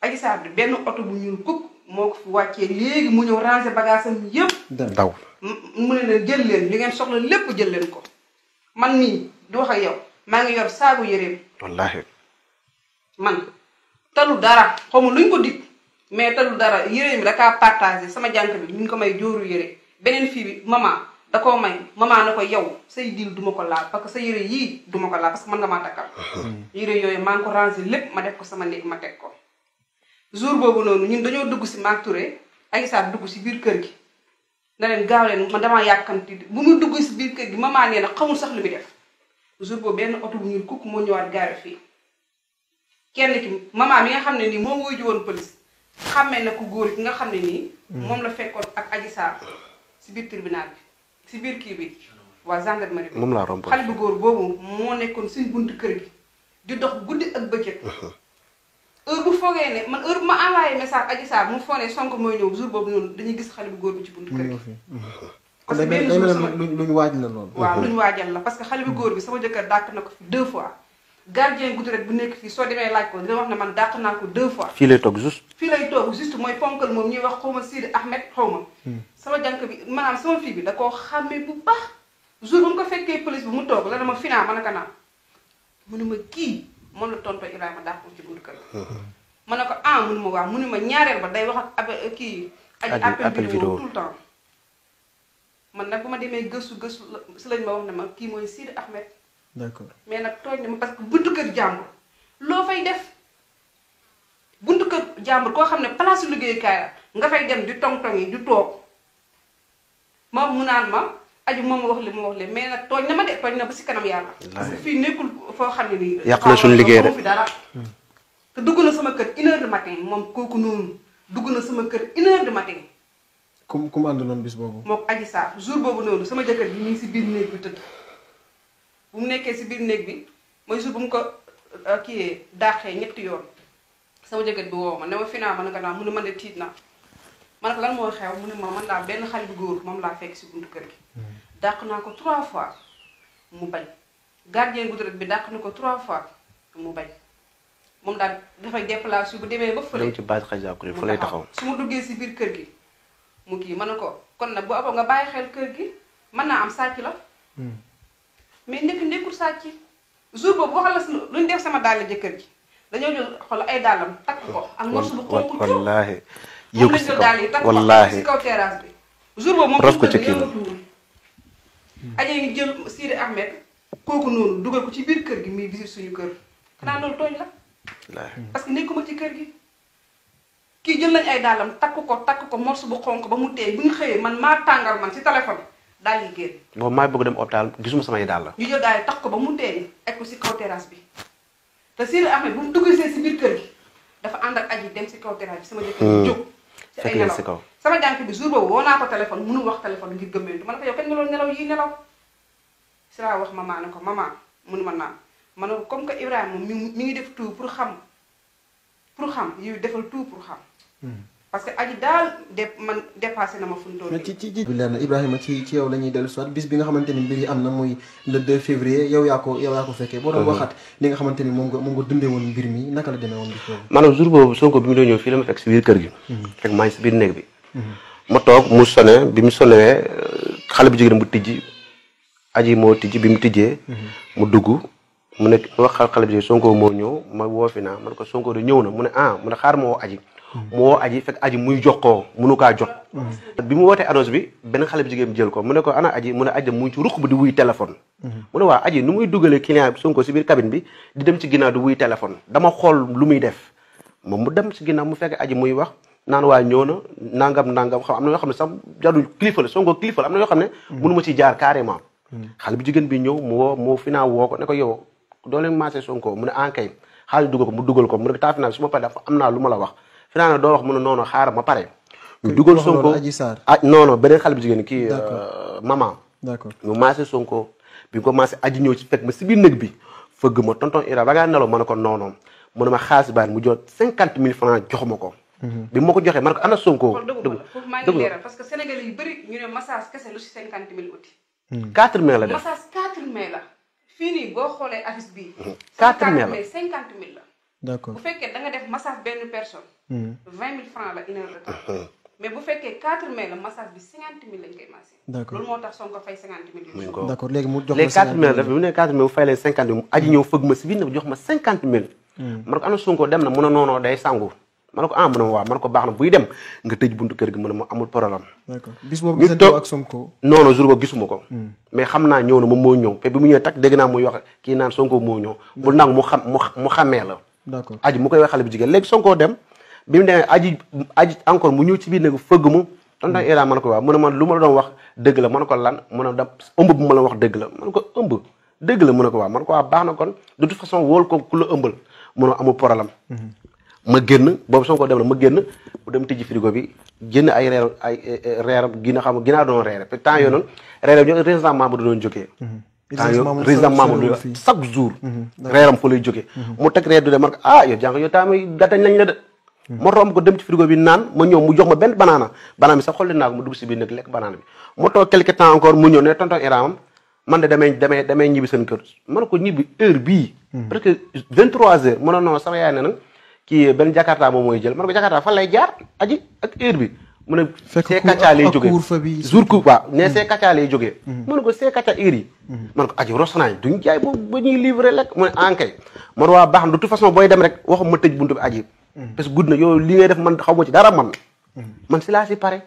Adji Sarr bi benn oto bu ñuul kukk moo ko fi wàccee léegi mu ñëw ranger bagage am yëpp. daw mu ne leen jël leen li ngeen soxla lépp jël leen ko man nii di wax ak yow maa ngi yor saagu yëreem. wallaahi. man dara xawma luñ ko dikk mais talu dara yëreem da kaa sama jànk bi ñu ngi ko may jóoru yëre beneen fii bi maman. da koo may maman na ko yow say diil duma ko laal parce que sa yére yii duma ko laal parce que mën nga maa takkal. yére yooyu maa ngi ko ranger lépp ma def ko sama néeg ma teg ko. jour boobu noonu ñun dañoo dugg si maag Touré ay saat dugg si biir kër gi na leen gaaw leen man damaa yàkkamti bu mu dugg si biir kër gi maman nee na xamul sax lu muy def jour boobu benn oto bu ñuul kukk moo ñëwaat gaare fii kenn ki maman mi nga xam ne nii moom wuyu ji woon police xàmmee na ku góor ki nga xam ne nii hmm. moom la fekkoon ak Adji si biir tribunal bi si biir kii bi waa gendarmerie ma ne laa romb xale bu góor boobu moo nekkoon si bunt kër gi di dox guddi ak bëccëg bu foogee ne man heure bu ma envoyé message Adji Sarr mu foog ne Sonko mooy ñëw jour boobu noonu dañuy gis xale bu góor bi ci buntu kër gi. parce que benn hmm. jour ko fi deux fois. soo demee laaj ko dina wax ne man dàq naa ko deux fois. fii lay toog moom ñuy wax xaw ma Sidi Ahmed xaw hmm. sama jànk bi maanaam sama fii bi da koo xàmmee bu baax jour bu mu ko fekkee police bi mu toog la dama finaa ma naka naa mu ma kii moom la tonto Ibrahima dàq ko ci buntu kër hmm. ma ko ah mun ma wax waa ma ñaareel ba day wax ak ab euh, kii. aji appel vidéo tout temps. man nak buma démé geussu geussu ci lañ ma wax né ma ki moy Sidi Ahmed. d'accord mais nak togn ma parce que buntu keur jàmbur lo fay def buntu keur jàmbur ko xamné ne place liggéeyukaay la nga fay dem di tong-tong yi di tok ma mu nan ma aju mom wax li ma wax li mais nak togn na ma def togn na ba ci kanam yalla parce que fi nekul fo xamné ni nii. sun liguey rek te duggu na sama kër une heure de matin moom kooku noonu duggu na sama kër une heure de matin. kum kum ànd noonu bis boobu. moog aji saar jour boobu noonu sama jëkkër bi mi ngi si biir néeg bi tëdd bu mu nekkee si biir néeg bi mooy jour bu mu ko euh, kii daaxee ñetti yoon sama jëkkër bi woo ma ne ma fi naa ma nga naa mu ne man de tiit naa ma ne ko lan moo xew mu ne ma man daa benn xale bu góor moom laa fekk si buntu kër gi. Hmm. dàq naa ko trois fois mu bañ gardien bu deret bi dàq na ko trois fois mu bañ. moom daal dafay su bu demee ba fële. dem ci base xajaaku yi lay taxaw su ma duggee si biir kër gi mu kii mën na ko kon nag bu aboo nga bàyyi xel kër gi mën naa am sàcc la. Hmm. mais nekk nekkul sàcc jour boobu waxal la si lu ñu def sama daal jëkkër ji dañoo jël xool ay dàllam takk ko. ak morso bu xonk wallaahi yëngu si kaw wallaahi si kaw bi. jour boobu moom ko ci kii aje ngi jël Sidi Ahmed kooku noonu dugal ko ci biir kër gi muy visite suñu kër xanaa loolu tooñ la. Hmm. parce que kamu ci kër gi jël nañ ay ko takk ko morceau bu xonk ba mu man ma tangal man si téléphone daal yi génn. boobu maa bëgg dem hôpital gisuma samay dàll. ñu jël daal takk ba mu ko si kaw terrasse bi te Sidi Ahmed bu mu duggsee si biir kër gi dafa ak aji dem si kaw terrasse bi sama jëkkër hmm. jóg. ci ay nelaw sama jànk bi jour boobu woo ko téléphone mënu wax téléphone ngir gëmmeentu ma ko yow nga nelaw si wax mama ko ma ne ko comme que Ibrahima mi ngi def tout pour xam pour xam yu defal tout pour xam. Hmm. parce que aji daal de man dépassé na ma fu mu toll ci ci ci leer na Ibrahima ci ci yow la ñuy dellu soit bis bi nga xamante ni mbir yi am na muy le 2 février yow yaa ko yow yaa ko fekkee boo doon mhm. waxaat li nga xamante ni moom nga moom nga dundee woon mbir mi naka la demee woon bis boobu maanaam jour boobu Sonko bi mu doon ñëw fii la ma fekk si biir kër gi hmm. fekk si biir néeg bi hmm. ma toog mu sone bi mu sonewee xale bu jigéen bu tijji aji moo tijji bi mu tijjee mu dugg mu ne ma wax xale bi Sonko moo ñëw ma woo fi naa man ko Sonko de ñëw na mu ne ah mu ne xaar moo aji mu woo aji fekk aji muy jox koo munu kaa jot bi mu wootee annonce bi benn xale bi jël ko mu ne ko ana aji mu ne aji mu ngi ci ruq bi di wuy waa aji nu muy dugalee client bi Sonko si biir cabine bi di dem ci ginnaaw di wuy téléphone dama xool lu muy def moom mu dem si ginnaaw mu fekk aji muy wax naan waa ñëw na nangam nangam xam am na yoo xam ne sam jarul kilifa la Sonko kilifa am na yoo xam ne mm. munu ma ci jaar carrément mm. xale bi jigéen bi ñëw mu woo mu fi woo ko ne ko yow doo leen maase Sonko mu ne ankay ah xaalis dugal ko mu dugal ko mu ne taafinaa su ma paree dafa am naa lu ma la wax finalement doo wax mu ne noonu xaaral ma pare ñu dugal Sonko ah non non beneen xale bu jigéen kii euh, maman d'accord ñu maase Sonko bi ko maase aji ñëw ci fekk ma si biir néeg bi fëgg ma tonton Ira ba ngaa nelaw ma ne ko noonoon mu ne ma xaalis baan mu jot cinquante mille francs jox ma ko mhm. bi ma ko joxee ma ne ko ana Sonko dëgg maa ngi leeral parce que sénégalais yu bëri ñu ne massage kese lu si cinquante mille uti hmm. quatre mai la def massage quatre mai la fii nii boo xoolee affiche bi. 4000 mm-hmm. la 50000 la. d' accord bu fekkee da def massage benn personne. 20000 mm-hmm. francs la une heure de mm-hmm. mais bu fekkee 4000 la massage bi 50000 lañ koy massé. d' accord loolu léegi mu jox ma 50000 léegi 4000 la mu ne 4000 mu fay leen 50000 mu ma si biir na jox mm. dem na mun ne noonoo day sangu. ma ne ko ah mu ne ma ko baax na buy dem nga tëj buntu kër gi mu ne ma amul problème. d'accord bis boobu gisatoo ak jour boobu gisuma ko. Hmm. mais xam naa ñëw na ma moo ñëw te bi mu ñëwee takk dégg naa muy wax kii naan Sonko moo ñëw. bu nag mu xam mu xamee la. d'accord aji mu koy wax xale bu jigéen léegi sonkoo dem bi mu demee aji aji encore mu ñëw ci biir nag fëgg mu. tonton Ira hmm. ma a ko waaw mu ne man lu ma la doon wax dëgg la man ne ko lan mu ne da ëmb bu ma la wax dëgg la ma ne ko ëmb dëgg la mu ne ko waaw ma ko waaw baax na kon de toute façon wóol ko ku la ëmbal mu ne ma génn boobu Sonko dem na ma génn mu dem tijji frigo bi génn ay reer ay eh, eh, reeram gina xam ginaa doon reere temps yoo noonu reeram ñoo résident membre doon jógee mhm. temps yoo résident membre du chaque jour mhm. reeram fa mhm. mu teg reer du de man ko ah yow la de ma romb ko dem ci frigo bi naan ma ñëw mu jox ma benn banaana banaana bi sax naa ko ma dugg si biir nag lekk banaana bi mu toog quelque temps mu ñëw ne tonton Iramam man de damay damay damay ñibbi seen kër man ko ñibbi heure bi parce que vingt trois heures mu ne non sama yaay ne nag kii benn jakarta moom mooy jël man ko jakarta fan lay jaar aji ak heure bi mu ne see kacca mm. lay jógee jour ne see kacca lay jógee mu ne ko see kacca heure yi mm. man ko aji rosanaañ duñ jaay boobu ba ñuy livrer lekk mu ne ankay ah, man waa baax na de toute façon booy dem rek waxu ma tëj buntu bi aji mm. parce que na yow li ngay def man xaw ma ci dara man man si laa si pare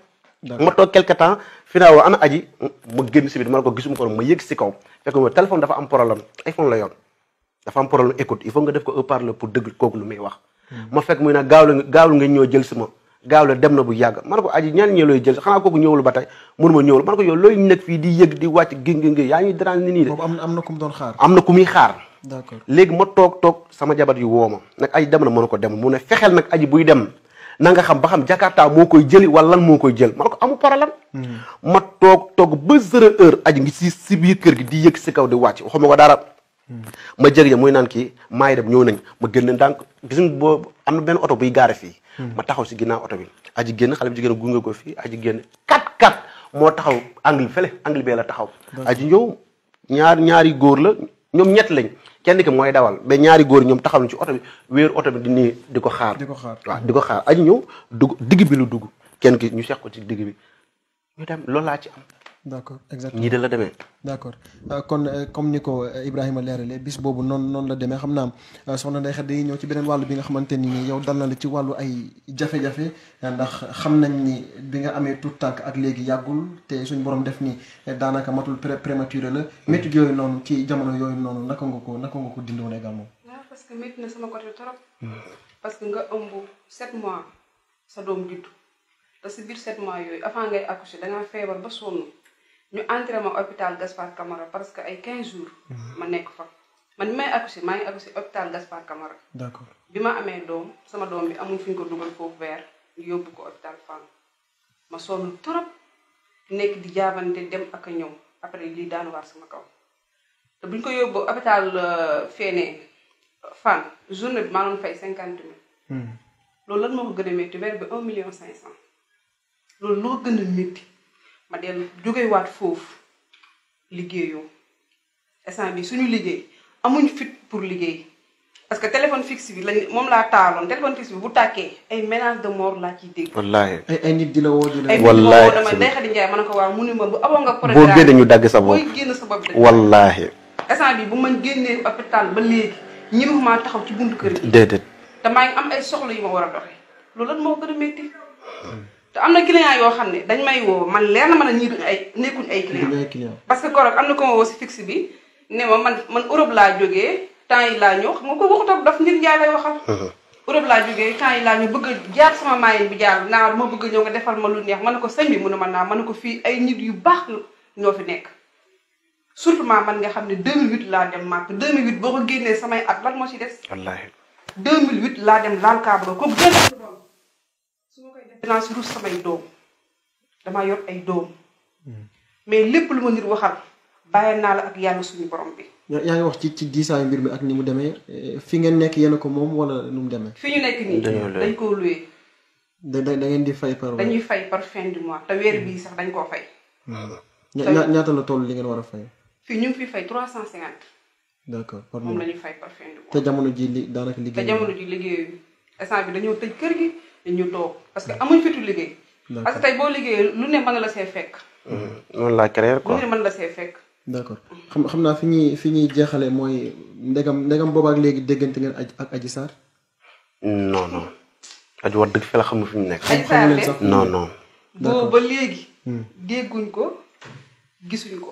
ma toog quelque temps finaaw ana aji ma génn si biir ma ne ko gisuma ko ma yëg si kaw fekk ma téléphone dafa am problème iPhone la yoon dafa am problème écoute pour dëgg kooku lu muy wax ma fekk muy nag gaawla nga ñëw jël si ma gaawla dem na bu yàgg man ne ko aji ñaan ñee jël si xanaa kooku ñëwul ba tey mënu ma ñëwul ma ne ko yow looy nekk fii di yëg di wàcc gi ngi yaa ngi dran ni nii de am na ku mu doon xaar am na ku muy xaar d'accord léegi ma toog toog sama jabar yu woo ma nag aji dem na mën ko dem mun a fexeel nag aji buy dem nanga xam ba xam jakarta moo koy jëli wala lan moo koy jël ma ne ko amu problème hmm. ma toog toog ba zéro heure ngi si si biir kër gi di yëg si kaw di wàcc waxuma ko dara ma jég ja muy naan kii maa ngi dem ñëw nañ ma génn ndànk gis nga boo am na benn oto buy gaare fii hmm. ma taxaw si ginnaaw oto bi aj génn xale bi jigéen gunge ko fii aji génn kat kat moo taxaw angle bi fële la taxaw aji ñëw ñaar ñaari góor la ñoom ñett lañ kenn ki mooy dawal mais ñaari góor ñoom taxaw nañ ci oto bi wéeru oto bi di di ko xaar waaw di ko xaar aji ñëw dugg digg bi lu dugg kenn ki ñu seex ko ci digg bi ci am d'accord exactement nii de la demee. d' kon comme ni ko Ibrahima leeralee bis boobu noonu noonu la demee xam soxna Ndeye Khady dañuy ñëw ci beneen wàll bi nga xamante ni yow dal na ci wàllu ay jafe-jafe ndax xam ni bi nga amee tout tànk ak léegi yàggul te suñ borom def ni daanaka matul prématuré la. métti yooyu noonu ci jamono yooyu noonu naka nga ko naka nga ko dindi woon également. parce que métti na sama côté trop. parce que nga ëmb 7 mois sa doom juddu te si biir 7 mois yooyu avant ngay accoucher da ngaa feebar ba sonn. ñu entrés ma hôpital Gaspard Camara parce que ay 15 jours. Mhm. ma nekk fa man may accouché maa ngi Gaspard Camara. d'accord bi ma amee doom sama doom bi amul fi ñu ko dugal foofu weer ñu yóbbu ko hôpital Fann ma sonn trop nekk di jaabante dem ak a après lii à waar sama kaw te bu ko yóbbu hôpital euh, journée bi fay cinquante mille. Mhm. loolu lan moo ko gën a bi un million loolu ma dem wat fof liggéeyo instant bi suñu liggéey amuñ fit pour liggéey parce que téléphone fixe bi mom la talon. téléphone fixe bi bu také ay menace de mort la ci dégg. wallahi ay ay nit di wo dina wallahi dama day xadi ndjay manako wa ko ma bu abo nga. programme bo génnee ñu dagg sa bopp wallahi instant bi bu ma génné hôpital ba légui ñi ma taxaw ci buntu kër dédé déedéet. ngi am ay soxla yu ma wara doxé doxee lan mo gëna metti te am na client yoo xam ne dañ may woo man leer na ma ne ñii duñ ay nekkuñ ay client parce que korok am na ko ma woo si fixe bi ne ma man man Europe laa jógee temps yi laa ñëw xam nga ko waxut ak daf nit njaay lay waxal uh-huh. Europe laa jógee temps laa ñëw bëgg jaar sama maayin bi jaar naa ma bëgg a ñëw nga defal ma lu neex ma ne ko sëñ bi mu ne ma naa man ne ko fii ay nit yu baax ñoo fi nekk surtout maa man nga xam ne 2008 laa dem màkk 2008 boo ko génnee samay at lan moo ci des wallaahi 2008 laa dem laal kaaba comme benn su sama koy rus samay doom damaa yor ay doom mais lépp lu ma nit waxal bàyyil la ak yàlla suñu borom bi. yaa ngi wax ci ci diisaayu mbir mi ak ni mu fi wala mu fi ñu nekk nii dañ koo loué. da da ngeen di fay par. dañuy fay par fin du mois te weer bii sax dañ koo fay. ñaata la toll li ngeen war fay. fii ñu fi fay par fay par fin du mois. te jamono ji li liggéey. te jamono ji liggéey bi kër gi. ñu toog parce que amuñ fitu liggéey. parce tey boo liggéeyee lu ne mën la see fekk. noonu mm-hmm. laa créer quoi lu la see fekk. xam xam naa fi ñuy fi ñuy jeexale mooy ndegam ndegam boobaak léegi déggante ngeen ak Adji Sarr. non non. Adji wax dëgg fi la xam ne fi mu nekk. Adji Sarr non léegi. Hmm. dégguñ ko gisuñ ko.